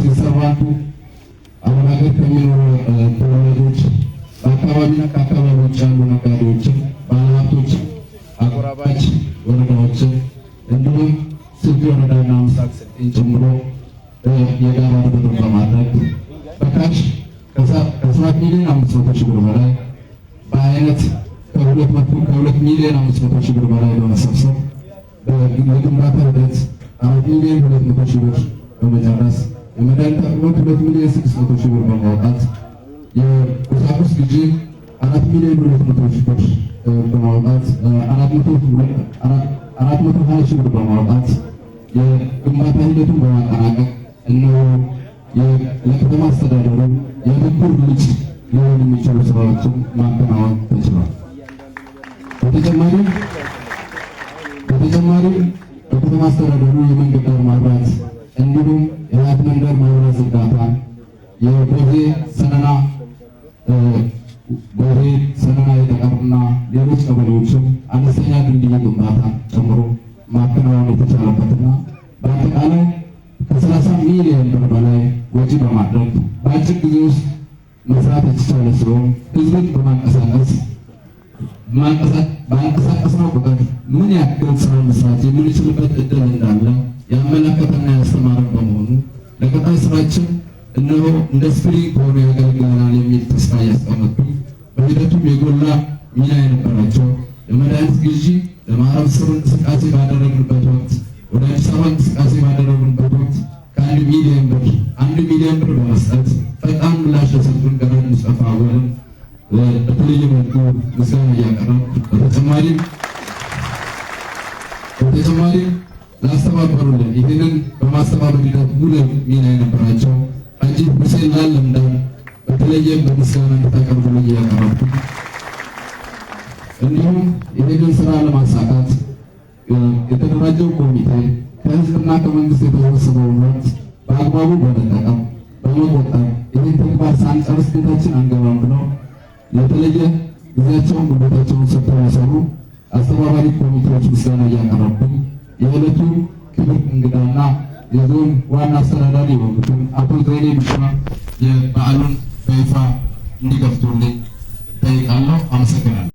ሲሰባቱ አሁን ሀገር ከሚኖሩ ተወላጆች በአካባቢና ከአካባቢ ውጭ ያሉ ነጋዴዎችን፣ ባለሀብቶች፣ አጎራባች ወረዳዎችን እንዲሁም ስልጤ ወረዳና ምስራቅ ስልጤን ጨምሮ የጋራ ድብር በማድረግ በካሽ ከሰባት ሚሊዮን አምስት መቶ ሺህ ብር በላይ በአይነት ከሁለት ሚሊዮን አምስት መቶ ሺህ ብር በላይ በመሰብሰብ የግንባታ ሂደት አራት ሚሊዮን ሁለት መቶ ሺህ ብር በመጨረስ የመድኃኒት አቅርቦት ሁለት ሚሊዮን ስድስት መቶ ሺህ ብር በማውጣት የቁሳቁስ ግዢ አራት ሚሊዮን ሁለት መቶ ሺህ ብር በማውጣት አራት መቶ ሀያ ሺህ ብር በማውጣት የግንባታ ሂደቱን በማጠናቀቅ እነሆ ለከተማ አስተዳደሩ የብድር ምንጭ ሊሆን የሚችሉ ስራዎችን ማከናወን ተችሏል። በተጨማሪም በተጨማሪም በከተማ አስተዳደሩ እንዲሁም የአያት መንደር ማህበረ ዝርጋታ የጎዜ ሰነና ጎዜ ሰነና የተቀርና ሌሎች ቀበሌዎችም አነስተኛ ድልድይ ግንባታ ጨምሮ ማከናወን የተቻለበትና በአጠቃላይ ከሰላሳ ሚሊዮን ብር በላይ ወጪ በማድረግ በአጭር ጊዜ ውስጥ መስራት የተቻለ ሲሆን ህዝብን በማንቀሳቀስ በአንቀሳቀስነው ቁጥር ምን ያክል ስራ መስራት የምንችልበት እድል እንዳለ ያመለከተና ያስተማረ ቀጣይ ስራችን እነሆ ኢንዱስትሪ ከሆነ ያገለግለናል የሚል ተስፋ እያስቀመጡ በሂደቱም የጎላ ሚና የነበራቸው ለመድኃኒት ግዢ ለማዕረብ ስር እንቅስቃሴ ባደረግንበት ወቅት ወደ አዲስ አበባ እንቅስቃሴ ባደረግንበት ወቅት ከአንድ ሚሊዮን ብር አንድ ሚሊዮን ብር በመስጠት ፈጣን ምላሽ የሰጡን ቀነኒ ሙስጠፋ አወልን በተለየ መልኩ ምስጋና እያቀረብ በተጨማሪም በተጨማሪም ላስተባበሩልን ይህንን በማስተባበር ሂደት ሙሉ ሚና የነበራቸው አጅብ ሁሴንና ለምዳን በተለየም በምስጋና እንድታቀርቡ እያቀረብኩ እንዲሁም ይህንን ስራ ለማሳካት የተደራጀው ኮሚቴ ከህዝብና ከመንግስት የተሰበሰበውን ወቅት በአግባቡ በመጠቀም በመቆጠብ ይህን ተግባር ሳንጨርስ ቤታችን አንገባም ብለው የተለየ ጊዜያቸውን ጉልበታቸውን ሰጥተው የሰሩ አስተባባሪ ኮሚቴዎች ምስጋና እያቀረብኩ የዕለቱ ክብር እንግዳና የዞን ዋና አስተዳዳሪ የሆኑትን አቶ ዘይኔ ቢሻ የበዓሉን በይፋ እንዲከፍቱልኝ ጠይቃለሁ። አመሰግናለሁ።